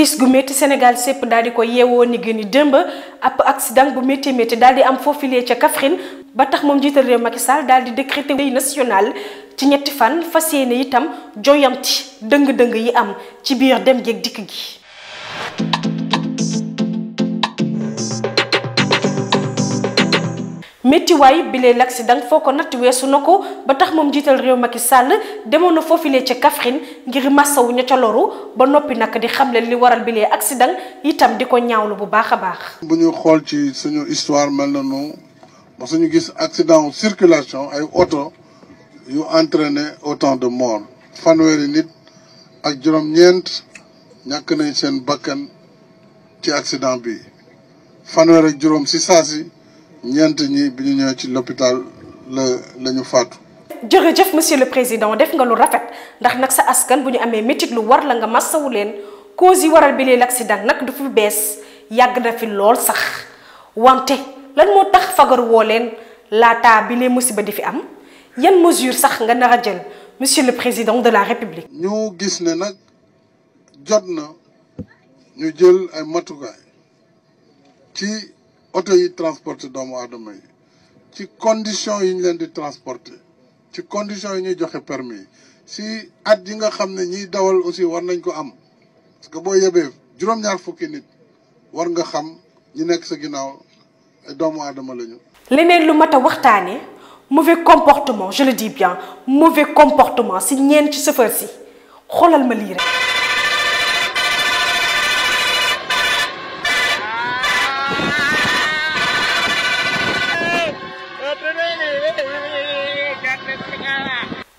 tiis gu métti Sénégal sépp daal di ko yeewoo ni gën ni démb ab accident bu métti métti daal di am foofilee ca Kaffrine ba tax moom jiital réew Macky daal di décréter deuil national ci ñetti fan fas yéene itam jooyamti dëng-dëng yi am ci biir dem géeg dikk gi méttiwaay bile l'accident foo ko natt weesu na ko ba tax moom jiital réew Macky Sall demoon na foofilee ca Kaffrine ngir wu ña ca loru ba noppi nag di xamle li waral bile accident itam di ko ñaawlu bu baax a baax. bu ñu xool ci suñu histoire mel na noonu suñu gis accident circulation ay oto yu entraîné autant de morts fanweeri nit ak juróom-ñeent ñàkk nañ seen bakkan ci accident bi fanweer ak juróom si saa ñeent ñi bi ñu ñëwee ci l'hôpital la la ñu faatu. jërëjëf monsieur le président def nga lu rafet ndax nag sa askan bu ñu amee métit lu war la nga mastawu leen cause yi waral bi leen accident nag du fi bees yàgg na fi lool sax wante lan moo tax fagaru woo leen laataa bi lee musiba di fi am yan mesure sax nga nar a jël monsieur le président de la république. ñu gis ne nag jot na ñu jël ay matukaay ci. auto yi transporté doomu aadama yi ci condition yi ñu leen di transporter ci condition yi ñuy joxe permis si at yi nga xam ne ñiy dawal aussi war nañ ko am parce que boo yebee juróom-ñaar fukki nit war nga xam ñi nekk sa ginnaaw doomu aadama lañu. leneen lu mat a waxtaanee mauvais comportement je le dis bien mauvais comportement si ñeen ci chauffeur si xolal ma lii rek.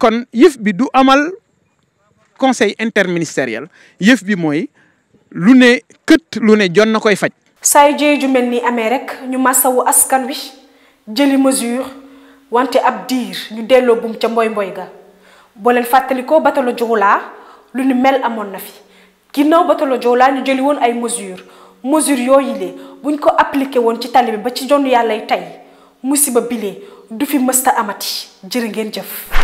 kon yëf bi du amal conseil interministériel yëf bi mooy lu ne kët lu ne jon na koy faj. saay yu ju mel ni amee rek ñu masawu askan wi jëli mesure wante ab diir ñu delloo buum ca mbooy mboy ga boo leen fàttalikoo batalo Joola lu ni mel amoon na fi ginnaaw batalo Joola ñu jëli woon ay mesure mesure yooyu le buñ ko appliqué woon ci tali bi ba ci jonn yàlla tey musiba bile du fi mësta amati jërë ngeen jëf.